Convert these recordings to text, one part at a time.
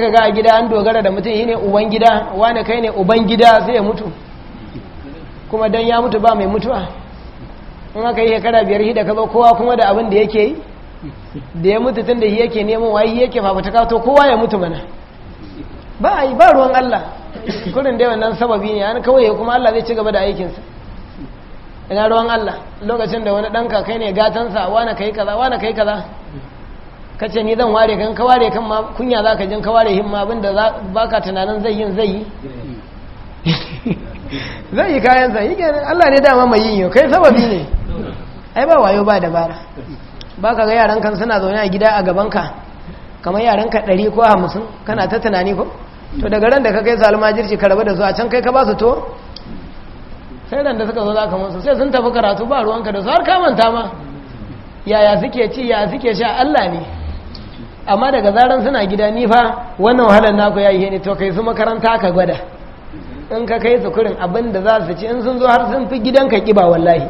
sai ga gida an dogara da mutum yi ne uban gida wane kai ne uban gida sai ya mutu kuma don ya mutu ba mai mutuwa in aka yi shekara biyar shi da kowa kuma da abin da yake yi da ya mutu tun da shi yake neman yi yake fafata kato kowa ya mutu mana ba a yi ba ruwan Allah kurin dai wannan sababi ne an kawai kuma Allah zai ci gaba da aikinsa ina ruwan Allah lokacin da wani ɗan kakai ne gatansa wane kai kaza wane kai kaza kace ni zan ware kan ka ware kan ma kunya za ka jin ka ware himma abinda ba ka tunanin zai yin zai yi zai yi kayan zai yi Allah ne dama mai yin yau kai sababi ne ai ba wayo ba dabara ba ka ga yaran kan suna zaune a gida a gaban ka kamar yaran ka ɗari ko hamsin kana ta tunani ko to daga ran da ka kai salma jirci ka rabu da su a can kai ka ba su to sai ran da suka zo za ka musu sai sun tafi karatu ba ruwanka da su har ka manta ma yaya suke ci yaya suke sha Allah ne amma daga zaran suna gida ni fa wannan wahalar naku ya yi ne to kai su makaranta ka gwada in ka kai su kurin abin da za su ci in sun zo har sun fi gidan ka kiba wallahi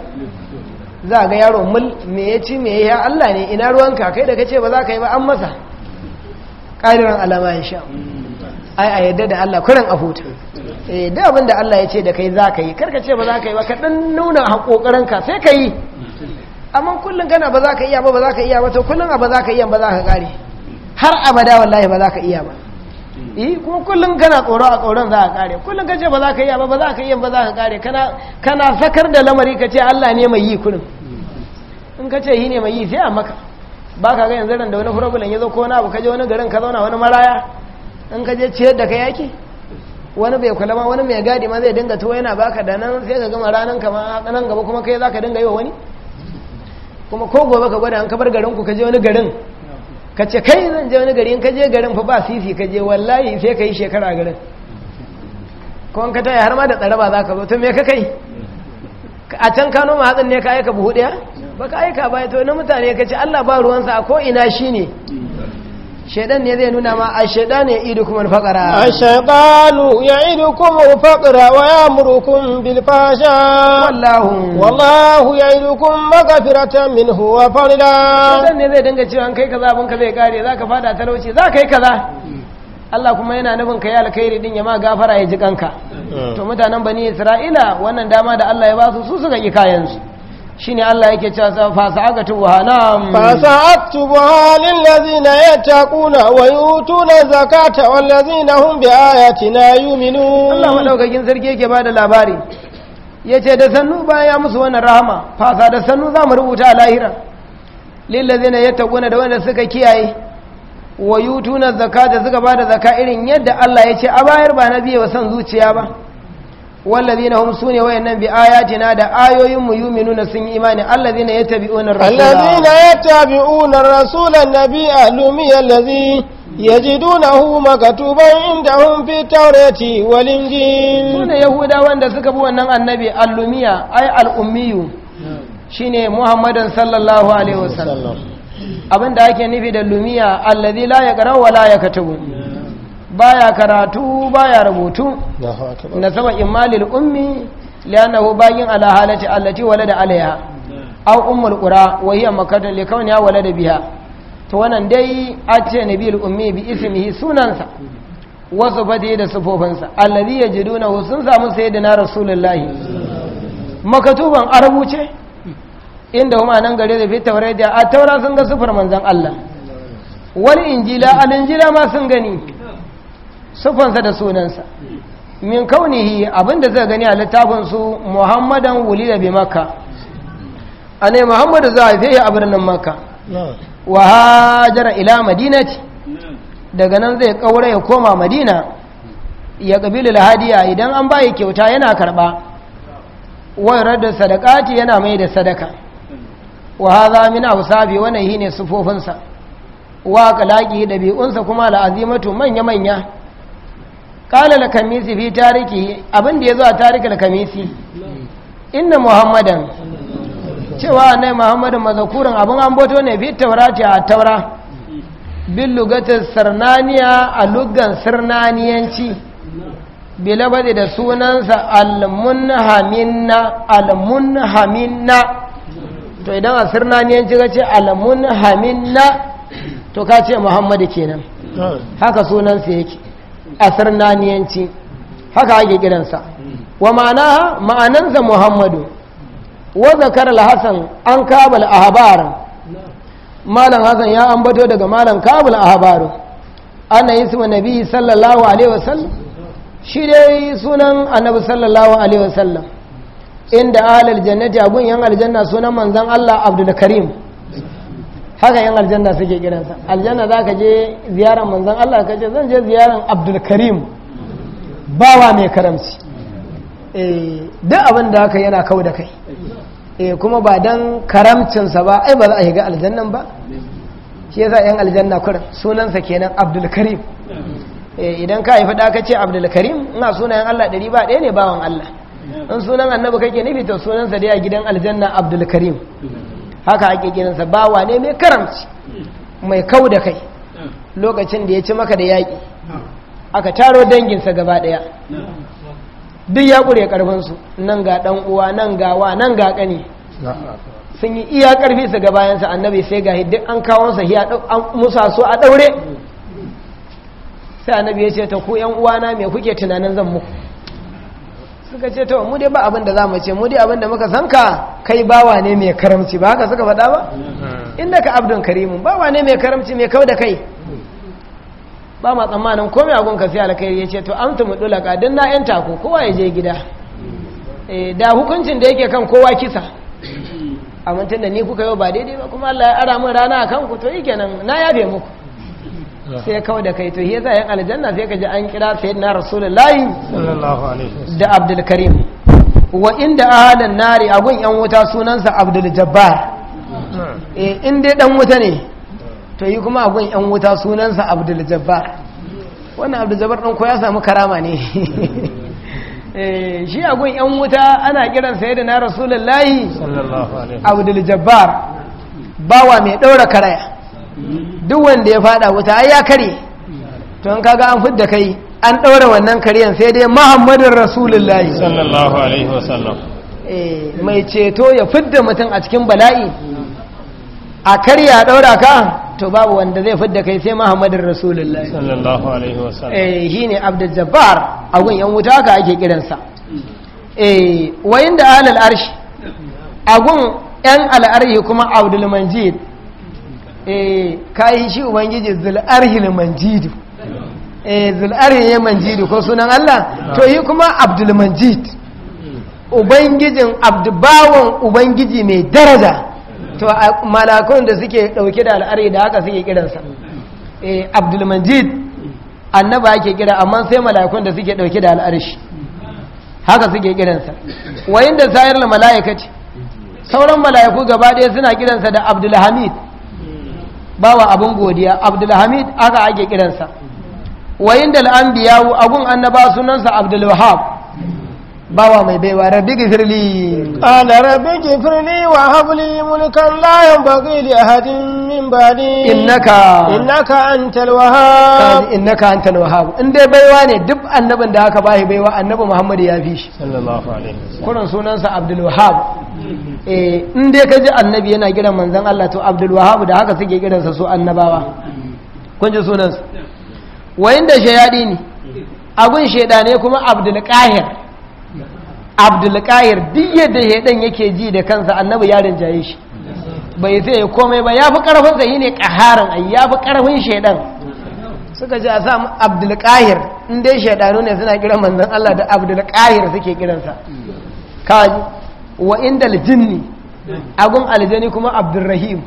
za ga yaro mul me ya ci me ya Allah ne ina ruwanka kai da ka ce ba za ka yi ba an masa ƙariran alama ya sha ai a yadda da Allah kurin a hutu eh da abin da Allah ya ce da kai za ka yi karka ce ba za ka yi ba ka dan nuna hakokarin ka sai ka yi amma kullun kana ba za ka iya ba ba za ka iya ba to kullun a ba za ka iya ba za ka kare har abada wallahi ba za ka iya ba eh kuma kullum kana tsoro a tsoron za ka kare kullum kace ba za ka iya ba ba za ka iya ba za ka kare kana kana sakar da lamari ka ce Allah ne mai yi kullum in ka ce yi ne mai yi sai a maka ba ka ga yanzu ran da wani problem ya zo ko wani abu kaje je wani garin ka zauna wani maraya in ka je ciyar da ka yaki wani bai kula ma wani mai gadi ma zai dinga tuwo yana baka da nan sai ka gama ranan ma a nan gaba kuma kai za ka dinga yi wa wani kuma ko gobe ka gwada an kabar garin ku ka je wani garin ka ce kai zan je wani garin in ka je garin fa ba sisi ka wallahi sai ka yi shekara garin kuma ka taya har ma da ba za ka zo to me ka kai a can ka noma hatsin ne ka aika buhu ɗaya ba ka aika ba to na mutane ka ce allah ba ruwansa a ko ina shi ne shaidan ne zai nuna ma a shaidan ya idu kuma faƙara a shaidanu ya idu kuma faƙara wa ya murukun bilfasha wallahu wallahu ya idu kuma magafiratan min huwa farida shaidan ne zai dinga cewa kai kaza abinka zai kare za ka fada talauci za ka yi kaza Allah kuma yana nufin ka yi alkhairi din ya ma gafara ya ji kanka hmm. to mutanen bani isra'ila wannan dama da Allah ya ba su su suka ƙi kayansu shine Allah yake cewa fa sa'atu buhanam fa sa'atu lil ladina yattaquna wa yutuna zakata wal ladina hum bi ayatina yu'minun Allah madaukakin sarki yake bada labari yace da sannu ya musu wannan rahama sa da sannu za mu rubuta a lahira lil ladina yattaquna da wanda suka kiyaye wa yutuna zakata suka bada zaka irin yadda Allah yace a bayar ba na biye wa san zuciya ba والذين هم سوني وينن بآياتنا دا آيوهم يؤمنون سن إيمان الذين يتبعون الرسول الذين يتبعون الرسول النبي أهلمي الذي yajidunahu makatuban indahum fi tawrati wal injil yahuda wanda suka bi wannan annabi al ai al'ummiyu, shi ne shine muhammadan sallallahu alaihi wasallam abinda ake nufi da lumiya alladhi la yaqra wa la baya karatu baya rubutu na sama imalil ummi hu bayin ala halati allati walada alaiha aw ummul qura wa hiya makatun li ya walada biha to wannan dai ace nabil ummi bi ismihi sunansa wa sifatihi da sifofinsa allazi yajidunahu sun samu sayyidina rasulullahi makatuban arabuce inda kuma nan gare da fitar da a taura sun ga sufar manzan Allah wani injila al'injila ma sun gani sufansa da sunansa min kaunihi abinda zai gani a littafinsu su wuli da bi a ne muhammadu za a fiye a birnin maka wa hajara ila ce daga nan zai kaura ya koma madina ya kabilu lahadiya idan an bayi kyauta yana karɓa wayar da sadakati yana mai da sadaka wa haza min wani wannan shine sufofinsa wa qalaqi dabi'unsa kuma la'azimatu manya manya qala da kamisi fi tariki abin da zo a tariki da kamisi inna muhammadan cewa annai muhammadan mazakuran abin an boto ne fi ce a taura bin lugatar sarnaniya a lugan sarnaniyanci bilabadi da sunansa almunhaminna almunhaminna to idan a sarnaniyanci ka ce almunhaminna to ka ce muhammadu kenan ah. haka sunansa yake a naniyanci haka ake kiransa wa ma'ana ma'anansa muhammadu wa zakar alhassan hasan an kabal habara malam hasan ya ambato daga malam kabul ahbar ana ismu nabi sallallahu alaihi wasallam shi dai sunan annabi sallallahu alaihi wasallam inda alal jannati abun yan aljanna sunan manzon Allah Abdul Karim haka yan aljanna suke kiransa aljanna za ka je ziyarar manzan Allah ka ce zan je ziyarar abdulkarim bawa mai karamci eh, duk abin da haka yana kau da kai eh, kuma ba don karamcinsa ba ai ba za a shiga aljannan ba shi yasa yan aljanna kurin sunansa kenan abdulkarim eh, idan ka haifi da ka ce abdulkarim ina sunayen Allah ɗari ba ɗaya ne bawan Allah in sunan annabi kake nufi to sunansa dai a gidan aljanna abdulkarim haka ake gidansa bawa ne mai karamci mai kau da kai lokacin da ya ci maka da yaƙi aka taro danginsa gaba ɗaya duk ya ƙure ƙarfinsu nan ga ɗan uwa nan ga wa nan ga ƙani sun yi iya ƙarfi su gabayansa annabi sai ga duk an kawonsa ya musa so a ɗaure sai annabi ya ce ta ku ‘yan uwana mai kuke tunanin zan muku suka ce to mu dai ba abin da za mu ce mu dai abin da muka san ka kai bawa ne mai karamci ba haka suka faɗa ba inda ka abdun karimun bawa ne mai karamci mai kau da kai ba ma tsammanin komai agon ka sai alkhairi ya ce to an tumu ka don na yan tako kowa ya je gida eh, da hukuncin da yake kan kowa kisa amintin da ni kuka yau ba daidai ba kuma Allah ya ara mun rana a ku to yi kenan na yabe muku sai kawai da kai to yasa zayen aljanna sai ka ji an kira na rasulullahi da abdulkarim wa inda ahalan nari agun yan wuta sunansa abdul jabbar hmm. eh, in dai dan wuta ne to yi kuma agun yan wuta sunansa abdul jabbar wannan abdul jabbar ko ya samu karama ne eh, shi agun yan wuta ana kiran sai da na rasulullahi abdul jabbar bawa mai ɗaura karaya duk wanda ya fada wuta ai ya kare to an kaga an fidda kai an ɗaura wannan kariyan sai dai muhammadin rasulullahi sallallahu alaihi wasallam eh, mai ceto ya fidda mutum a cikin bala'i a kariya ɗaura ka to babu wanda zai fidda kai sai muhammadin rasulullahi sallallahu alaihi wasallam eh shine abdul jabbar a gun yan wuta ka ake kiransa eh wayin da alal arshi a gun yan al'arhi kuma abdul manjid eh kayi shi ubangiji zul'arhil manjidu eh ya manjidu ko sunan Allah to yi kuma abdul manjid ubangijin abdubawan ubangiji mai daraja to malakon da suke dauke da al'ari da haka suke kiransa eh, abdul manjid annaba ake kira amma sai malakon da suke dauke da al'arshi haka suke kiransa wayin da sayar da ce, sauran mala'iku gaba ɗaya suna kiransa da abdul hamid bawa abin godiya abdulhamid aka ake kiransa wayin da al'ambiyawu abun annaba sunansa abdulwahab bawa mai baiwa rabbi gifirli ala rabbi gifirli wa habli mulkan la yanbaghi li ahadin min ba'di innaka innaka antal wahhab innaka antal wahhab in dai baiwa ne duk annabin da aka bahi baiwa annabi muhammad ya fi shi sallallahu alaihi wasallam kuran sunansa abdul wahhab eh in dai ka ji annabi yana kiran manzan, Allah to Abdul wahabu, da haka suke kiransa su annabawa kun ji sunansu wayin da shayaɗi ne abun ne kuma Abdul Qahir Abdul Qahir duk yadda shaidan yake ji da kansa annabi ya rinjaye shi bai sai ya komai ba ya fi karfin sa ne kaharan ai ya fi karfin shaidan suka ji a sa Abdul Qahir in dai shaidanu ne suna kiran manzan, Allah da Abdul Qahir suke kiransa kaji wa inda aljinni agun aljani kuma abdurrahim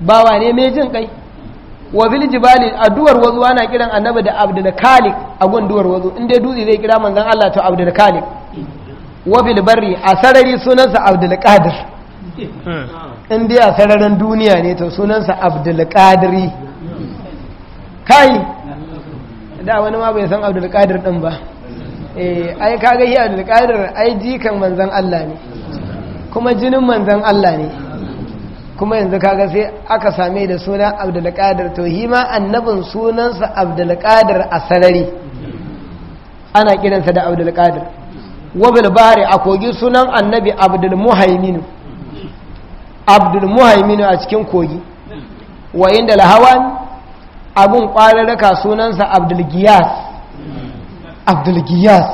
ba ne mai jin kai wa bil jibali aduwar wazu ana kiran annabi da abdul a agun duwar wazu inda dutse zai kira manzon Allah ta abdul khaliq wa bil barri a sarari sunansa abdul qadir in sararin duniya ne to sunansa abdul qadiri kai da wani ma bai san abdul qadir din ba Eh, ai kaga yi alƙadar ai jikan manzan Allah ne kuma jinin manzan Allah ne kuma yanzu kaga sai aka same da sunan Abdulkadar, to hi ma annabin sunansa Abdulkadar a sarari ana kiransa da Abdulkadar. wabil bari a kogi sunan annabi abdulmuhaiminu abdulmuhaiminu a cikin kogi wa inda lahawan abun kwararruka sunansa abdulgiyas abdulgiyas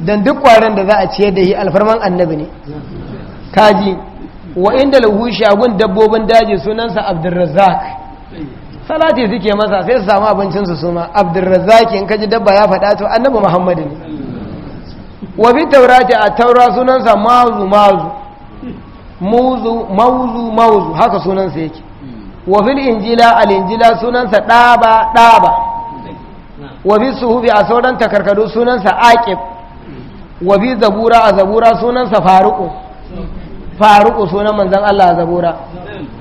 don duk kwaron da za a ciyar da shi alfarman annabi ne kaji wa inda lahu shagun dabbobin daji sunansa abdulrazak salati suke masa sai su samu abincinsu su ma abdulrazak in kaji dabba ya faɗa to annabi muhammadu ne wa bi taurati a taura sunansa mazu mazu mauzu mauzu mauzu haka sunansa yake wa fil injila al injila sunansa ɗaba ɗaba wa bi suhubi a sauran takarkadu sunansa aqib wa bi zabura a zabura sunansa faruku faruku sunan manzon Allah a zabura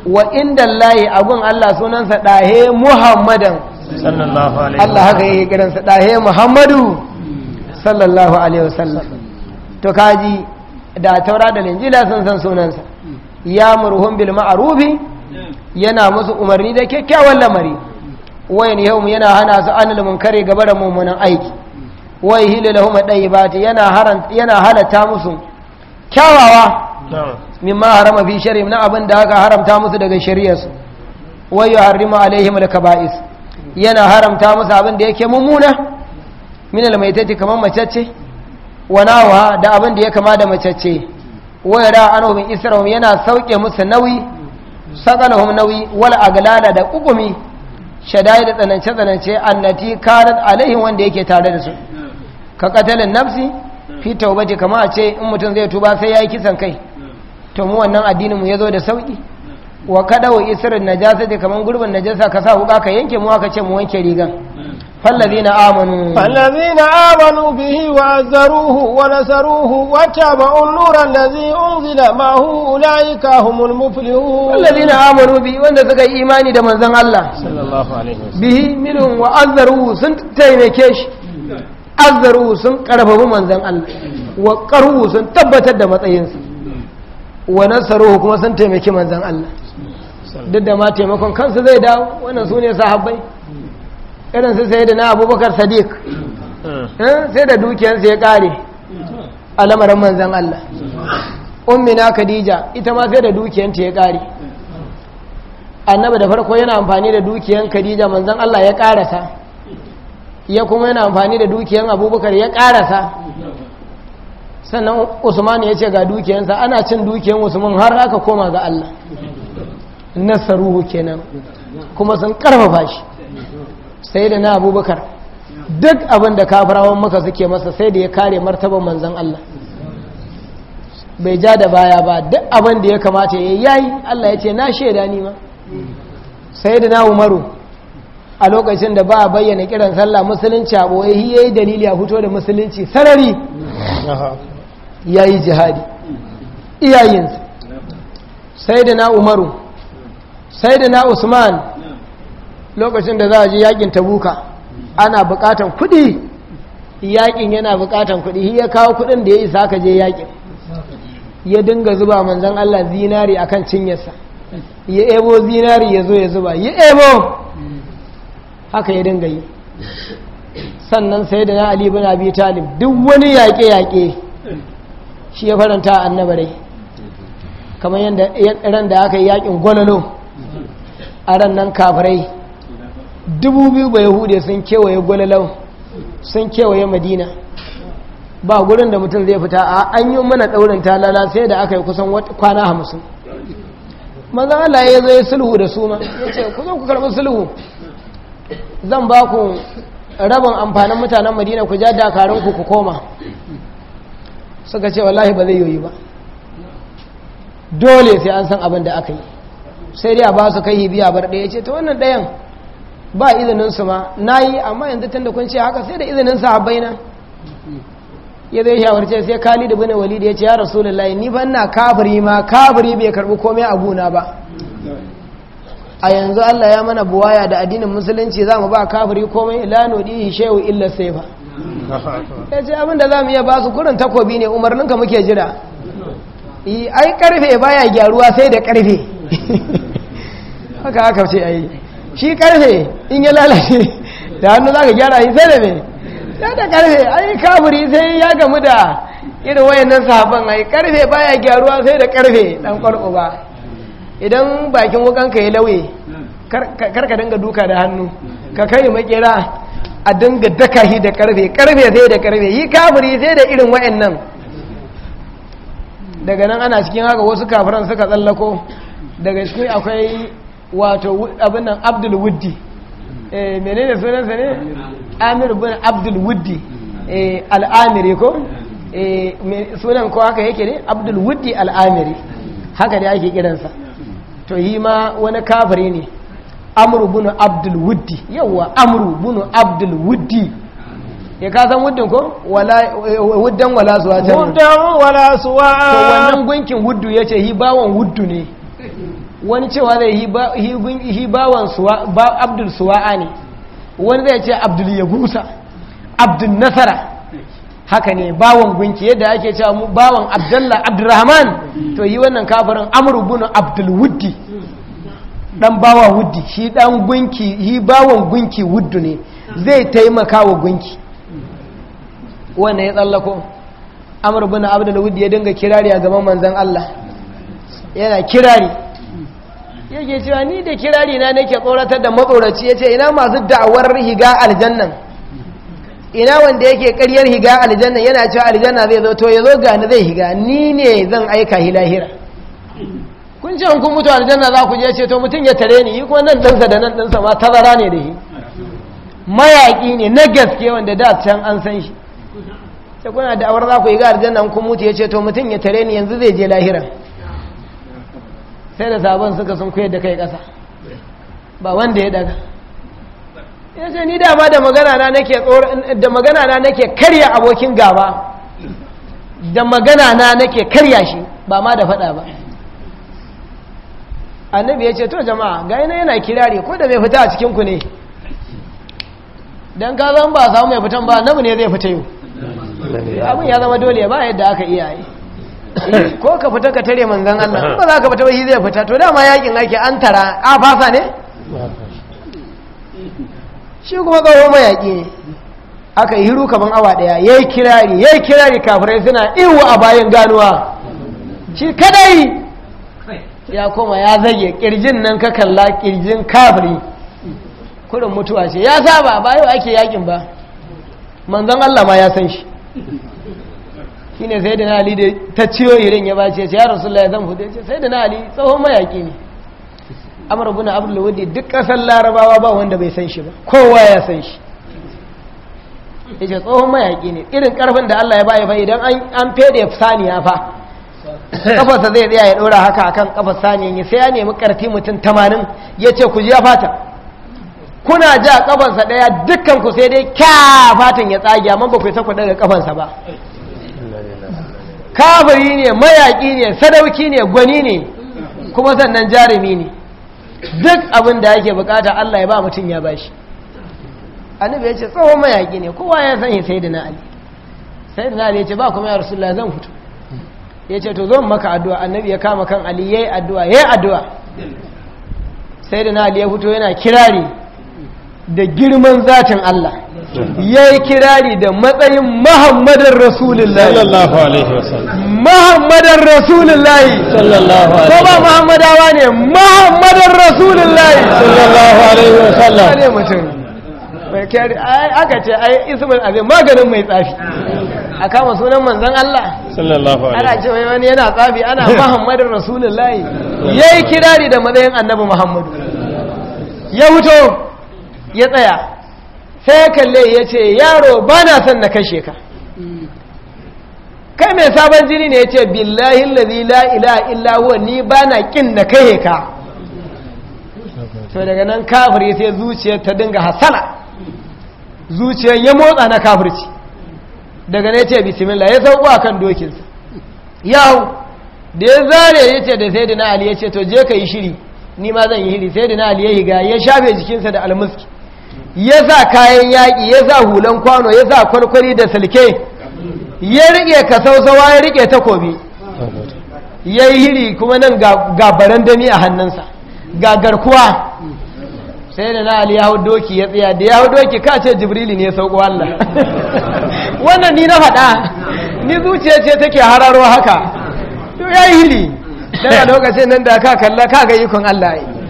wa inda layi abun Allah sunansa dahe muhammadan sallallahu alaihi Allah haka yake kiransa dahe muhammadu sallallahu alaihi wasallam to kaji da taura da linjila sun san sunansa ya murhum bil ma'rufi yana musu umarni da kyakkyawan lamari wayan yau yana hana su anil munkari gaba da mummunan aiki wai hili lahum yana haran yana halata musu kyawawa mimma harama fi shari'i na abin da aka haramta musu daga shari'arsu wai yuharrimu alaihim al-kaba'is yana haramta musu abin da yake mummuna min al-maitati kaman macacce wa nawa da abin da ya kama da macacce wai ra anu min israhum yana sauke musu nauyi sagalahum nauyi wal aglala da kukumi shadai da tsanance-tsanance annati karar alaihi wanda yake tare da su ka katalin nafsi fi taubaci kama a ce in mutum zai tuba sai ya yi kisan kai to mu wannan addinin mu ya zo da sauƙi wa kada wa isirin najasa da kamar gurbin najasa ka sa huka ka yanke mu aka ce mu wanke rigan فالذين آمنوا فالذين آمنوا به وعزروه ونسروه واتبعوا النور الذي أنزل معه أولئك هم المفلحون فالذين آمنوا به وأن سكا إيماني دمان زن الله صلى الله عليه وسلم به منهم وعزروه سنت تيمكيش عزروه سن قرفه من زن الله وقروه سن تبتت دمتينس ونسروه كما سن تيمكي من زن الله duk da ma taimakon kansu zai dawo wannan su ne sahabbai irin su hmm. eh, sai da na abubakar sadiq sai da dukiyarsa ya kare a lamarin manzan Allah ummina khadija ita ma sai da dukiyarta ya kare annaba da farko yana amfani da dukiyar khadija manzan Allah ya karasa ya kuma yana amfani da dukiyar abubakar ya karasa sannan usman ya ce ga dukiyarsa ana cin dukiyar usman har aka koma ga Allah nasaruhu kenan kuma sun karfafa shi sai da na abubakar duk abin da kafirawan maka suke masa sai da ya kare martaban manzan Allah bai ja da baya ba duk abin da ya kamata ya yayi Allah ya ce na shaida ni ma sai da na umaru a lokacin da ba a bayyana kiran sallah musulunci a ɓoye ya yi dalili a fito da musulunci sarari ya yi jihadi iyayensa sai da na umaru sai da na usman lokacin da za a je yakin tabuka ana bukatan kudi yakin yana bukatan kudi ya kawo kudin da ya isa ka je yakin ya dinga zuba manzan Allah zinari akan cinyarsa ya ebo zinari ya zo ya zuba ya ebo haka ya dinga yi sannan sai da na Ali bin Abi Talib duk wani yaƙe-yaƙe shi ya faranta a annabarai kamar yadda ran da aka yi yaƙin gwalalo a ran nan kafirai dubu biyu ba yahudiya sun kewaye gwalalau sun kewaye madina ba gurin da mutum zai fita a an yi mana ɗaurin talala sai da aka yi kusan kwana hamsin maza Allah ya zai sulhu da su ma ya ce kusan ku karɓi sulhu zan ba ku rabin amfanin mutanen madina ku ja dakarunku ku koma suka ce wallahi ba zai yoyi ba dole sai an san abin da aka yi sai dai a ba su kai biya bar ɗaya ce ta wannan ɗayan ba izinin su ma na yi amma yanzu tun da kun ce haka sai da izinin sahabbai na ya zai shawarce sai kali da bin walidi ya ce ya rasulullahi ni ban na kafiri ma kafiri bai karbi komai a guna ba a yanzu Allah ya mana buwaya da addinin musulunci za mu ba kafiri komai la nudi shehu illa sai ba ya ce abin da za mu iya ba su kurin takobi ne umarnin ka muke jira ai karfe baya gyaruwa sai da karfe haka haka ce shi karfe in ya lalace da hannu za ka gyara yi sai da ne sai da karfe ai kafuri sai ya gamu da irin nan sahaban ai karfe baya gyaruwa sai da karfe dan kwarko ba idan bakin wukan ka ya lauye karka dinga duka da hannu ka kai makera a dinga daka shi da karfe karfe sai da karfe yi kafuri sai da irin nan daga nan ana cikin haka wasu kafiran suka tsallako daga cikin akwai wato abin nan abdul wuddi eh, menene sunansa ne amir bin abdul wuddi eh, al'amiri ko eh, sunan ko haka yake ne abdul wuddi al'amiri haka da ake kiransa to yi ma wani kafare ne amru bin abdul wuddi yawwa amru bin abdul wuddi ya ka san wuddin ko wuddan wala suwa can wuddan wala suwa to wannan gunkin wuddu ya ce yi bawon wuddu ne wani cewa zai yi bawan abdul suwa'a ne wani zai ce abdul yagusa abdul nasara haka ne bawan gunki yadda ake cewa bawan abdullah abdurrahman to yi wannan kafirin amurubunan abdul wuddi dan bawa wuddi shi dan gunki yi bawan gunki wuddu ne zai taimaka wa gunki wannan ya tsallako amurubunan abdul wuddi ya dinga kirari a gaban manzan allah yana kirari yake cewa ni da kirari na nake tsoratar da matsoraci ya ce ina masu da'awar higa aljannan ina wanda yake karyar higa aljannan yana cewa aljanna zai zo to ya zo gani zai higa ni ne zan aika hilahira kun ce kun mutu aljanna za ku je ce to mutum ya tare ni kuma nan ɗansa da nan ɗansa ma tazara ne da shi mayaƙi ne na gaske wanda da can an san shi ce kuna da'awar za ku higa aljanna kun mutu ya ce to mutum ya tare ni yanzu zai je lahiran sai da sabon suka sun kuyar da kai kasa ba wanda ya daga ya ce ni dama da magana na nake karya abokin gaba da magana na nake karya shi ba ma da faɗa ba annabi ya ce to jama'a ga yana yana kirari ko da mai fita a cikinku ne don kazan ba samu mai fitan ba annabi ne zai fita yau abin ya zama dole ba yadda aka iyaye ko ka fita ka tare manzan Allah ba za ka fita ba shi zai fita to dama yakin ake an tara a fasa ne shi kuma kawo mayaƙi ne aka yi hiru kaman awa ɗaya ya kirari ya kirari kafirai suna iwu a bayan ganuwa shi kadai ya koma ya zage kirjin nan ka kalla kirjin kafiri kurin mutuwa ce ya saba ba yau ake yakin ba manzan Allah ma ya san shi shine sai da na da ta ciyo irin ya bace ya ya zan hudu ce sai da na tsohon mayaki ne abu na abu wadi duk ƙasar larabawa ba wanda bai san shi ba kowa ya san shi Ya ce tsohon mayaki ne irin ƙarfin da Allah ya ba ya fa idan an fede saniya fa kafarsa zai tsaya ya ɗora haka akan kafar saniyan ya sai ya nemi ƙarfi mutum tamanin ya ce ku ji ya fata kuna ja kafansa ɗaya dukkan ku sai dai kya fatan ya tsage amma ba ku yi sakwa daga kafansa ba kafiri ne mayaƙi ne sadauki ne gwani ne kuma sannan jarumi ne duk abin da yake bukata Allah ya ba mutum ya ba shi. annabi ya ce tsohon mayaƙi ne kowa ya sanya sai da na'ali sai da na'ali ya ce ba kuma ya rasu zan fito ya ce to zon maka addu'a annabi ya kama kan ali ya yi addu'a ya yi addu'a sai da na'ali ya fito yana kirari da girman zatin Allah ya yi kirari da matsayin Muhammadin Rasulullahi sallallahu alaihi wasallam Muhammadin Rasulullahi sallallahu alaihi wasallam ko ba Muhammadawa ne Muhammadin Rasulullahi sallallahu alaihi wasallam mai kari aka ce a yi ismul azai maganin mai tsafi a kama sunan manzan Allah sallallahu alaihi ana ce mai wani yana tsafi ana Muhammadin Rasulullahi yi kirari da matsayin Annabi Muhammadu ya wuto ya tsaya sai ya kalle ya ce yaro ba na son na kashe ka kai mai sabon jini ne ya ce billahi lalzi la'ila ila illa ni ba na kin na kai ka to daga nan ya sai zuciyar ta dinga hasala zuciyar ya motsa na kafirci daga nan ya ce bismillah ya sauko a kan dokinsa yahu da ya zare ya ce da sai dina ali ce to je ka yi shiri ni ma zan yi hiri sai dina ali ya higa ya shafe jikinsa da almuski ya za kayan yaƙi ya za hulan kwano ya za kwarkwari da salke ya riƙe kasausawa ya riƙe takobi ya yi hiri kuma nan ga barandami a hannunsa ga garkuwa sai da na ali ya hau doki ya tsaya da ya hau doki ka ce jibrili ne ya sauko Allah wannan ni na faɗa ni zuciya ce take hararwa haka to ya yi hiri daga lokacin nan da ka kalla ka ga ikon Allah yi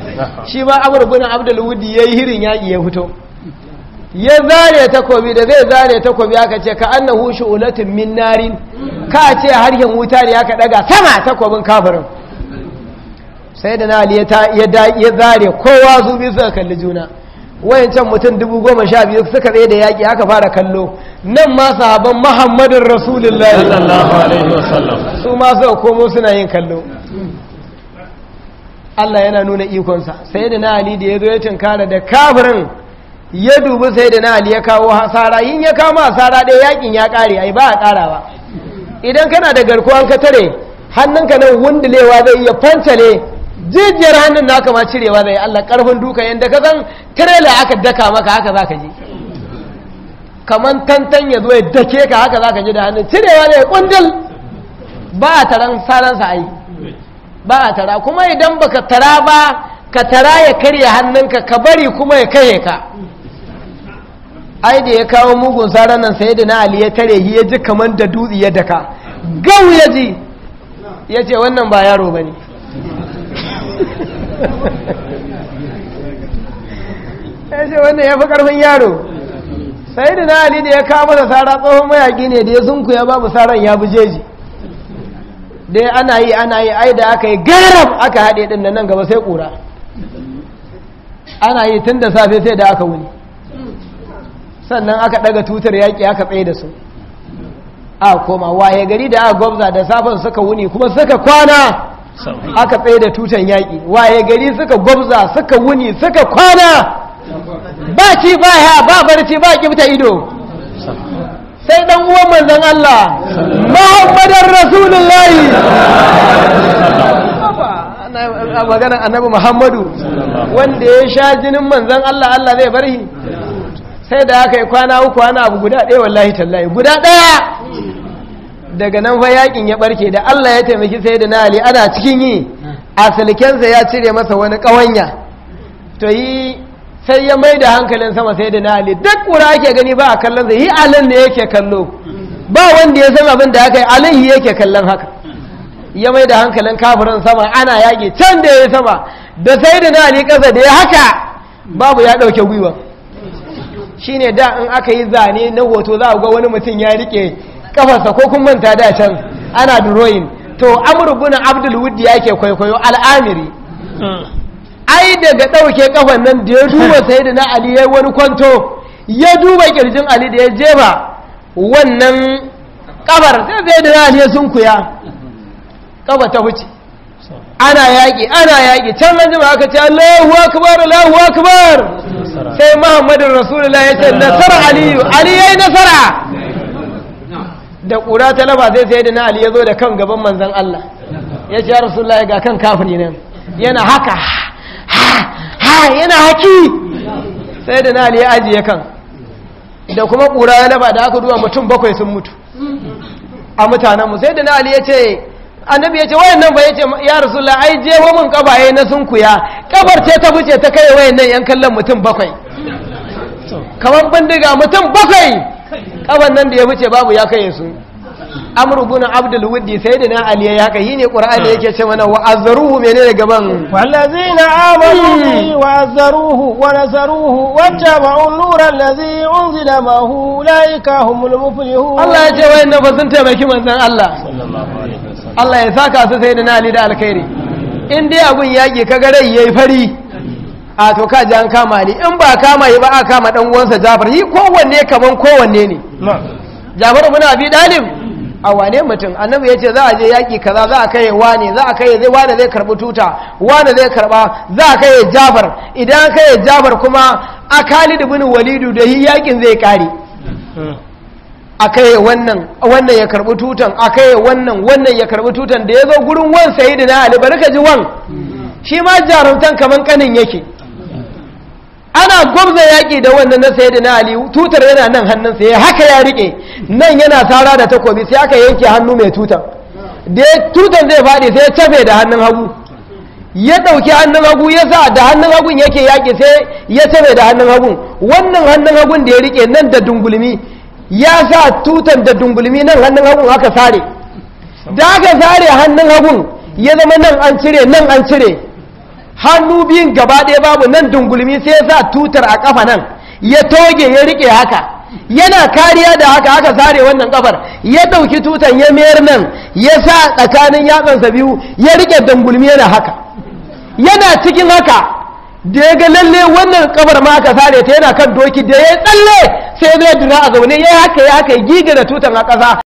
shi ma amur bin abdul ya yi hirin yaƙi ya fito ya zare takobi da zai zare takobi aka ce ka na hushe min narin ka ce harshen wuta ne aka daga sama takobin kafirin sai da na ali ya zane kowa su suka kalli juna wayan can mutum dubu goma sha biyu suka tsaye da yaƙi aka fara kallo nan ma sahabban muhammadin rasulullah su ma suka komo suna yin kallo Allah yana nuna ikonsa sai da na ali da ya zo ya cinkara da kafirin ya dubi sai da na ali ya kawo hasara yin ya kama hasara ɗaya yakin ya ƙare ai ba a ƙara ba idan kana da garkuwan ka tare hannunka nan wundulewa zai iya fancale jijiyar hannun naka ma cirewa zai Allah ƙarfin duka yadda ka san tirela aka daka maka haka za ka je kamar tantan ya zo ya dake ka haka za ka je da hannun cirewa zai kundil ba a taron saransa ai ba a tara kuma idan baka tara ba ka tara ya karya hannunka ka bari kuma ya kare ka ai da ya kawo mugun tsara nan sai da na ali ya tare yi ya ji kamar da dutse ya daka gau ya ji ya ce wannan ba yaro ba ne ya ce wannan ya fi karfin yaro sai da na ali da ya kawo masa tsara tsohon mayaki ne da ya zunku ya babu tsaran ya bujeji. dai ana yi ana yi ai da aka yi garam aka haɗe ɗin nan gaba sai ƙura ana yi tun da safe sai da aka wuni sannan aka ɗaga tutar yaƙi aka tsaye da su a koma waye gari da aka gwabza da safen suka wuni kuma suka kwana aka tsaye da tutan yaƙi waye gari suka gwabza suka wuni suka kwana ba ci ba ya ba barci ba ƙibta ido sai dan uwan manzon Allah Muhammadar Rasulullahi a maganar annabi Muhammadu wanda ya sha jinin manzon Allah Allah zai bari sai da aka yi kwana uku ana abu guda ɗaya wallahi tallahi guda ɗaya daga nan fa yakin ya barke da Allah ya taimaki sai da Ali ana cikin yi a silkensa ya cire masa wani ƙawanya to yi sai ya mai da hankalin sama sai da na ali duk kura ake gani ba a kallon zai yi alin ne yake kallo ba wanda ya san abin da aka yi alin yake kallon haka ya mai da hankalin kafirin sama ana yaƙi can da ya sama da sai da na ali ƙasa da ya haka babu ya ɗauke gwiwa Shi ne da in aka yi zane na hoto za a ga wani mutum ya riƙe kafarsa ko kun manta da can ana duroyin to amurguna abdulwudi abdul yake kwaikwayo al'amiri hmm. ai daga ɗauke kafan nan da ya duba sai da na ali ya wani kwanto ya duba kirjin ali da ya jefa wannan ƙafar. sai sai da na ali ya sunkuya ƙafa ta huce ana yaƙi ana yaƙi can an jima aka ce Allahu akbar Allahu akbar sai Muhammadu Rasulullah ya ce nasara Aliyu Ali yayi nasara da ƙura ta laba sai sai da na Ali ya zo da kan gaban manzon Allah ya ce ya Rasulullah ga kan kafiri nan yana haka ha yana haki sai da na ya ajiye kan da kuma ƙura ya laba da aka duwa mutum bakwai sun mutu a mutanenmu sai da na ya ce annabi ya ce wayannan ba ya ce ya rasulullah ai je wa mun kabaye na sun kuya. kabar ce ta buce ta kai nan yan kallon mutum bakwai kamar bindiga mutum bakwai ƙabar nan da ya buce babu ya kai sun. amru bin abdul wuddi sayyidina ali ya haka yi ne qur'ani hmm. yake ce mana wa azruhu menene gaban wallazina amanu wa azruhu wa nazruhu wa tabu'u nura allazi unzila mahu laika humul muflihu Allah ya ce wayannan fa sun taimaki manzon Allah Allah ya saka su sayyidina ali da alkhairi in dai abun yaki kaga rai yayi fari a to ka ji an kama ni in ba kama yi ba a kama dan uwansa Jafar yi kowanne kaman kowanne ne Jafar muna bi Dalib a wane mutum annabi ya ce za a je yaƙi kaza za a kai wane za a kai zai wane zai karɓi tuta wane zai karɓa za a kai jabar idan kai jabar kuma a khalid bin walidu da yi yaƙin zai ƙare a kai wannan wannan ya karɓi tutan a kai wannan wannan ya karɓi tutan da ya zo gurin wan sayidina ali bari ka ji wan shi ma jarumtan kamar kanin yake ana gwamza yaƙi da wannan na sayi da na ali tutar yana nan hannunsa ya haka ya riƙe nan yana tsara da takobi sai aka yanke hannu mai tutar, da tutar zai faɗi sai ya tafe da hannun hagu ya ɗauki hannun hagu ya sa da hannun hagun yake yaƙi sai ya tafe da hannun hagun wannan hannun hagun da ya riƙe nan da dungulmi ya sa tutar da dungulmi nan hannun hagun aka sare da aka sare hannun hagun ya zama nan an cire nan an cire hannu biyun gaba ɗaya babu nan dungulmi sai ya sa tutar a ƙafa nan ya toge ya riƙe haka yana kariya da haka haka sare wannan ƙafar ya ɗauki tutar ya mayar nan ya sa tsakanin yatsansa biyu ya rike dungulmi yana haka yana cikin haka da ya ga lalle wannan ƙafar ma aka sare ta yana kan doki da ya tsalle sai ya duna a zaune ya haka ya haka giga da tutar a ƙasa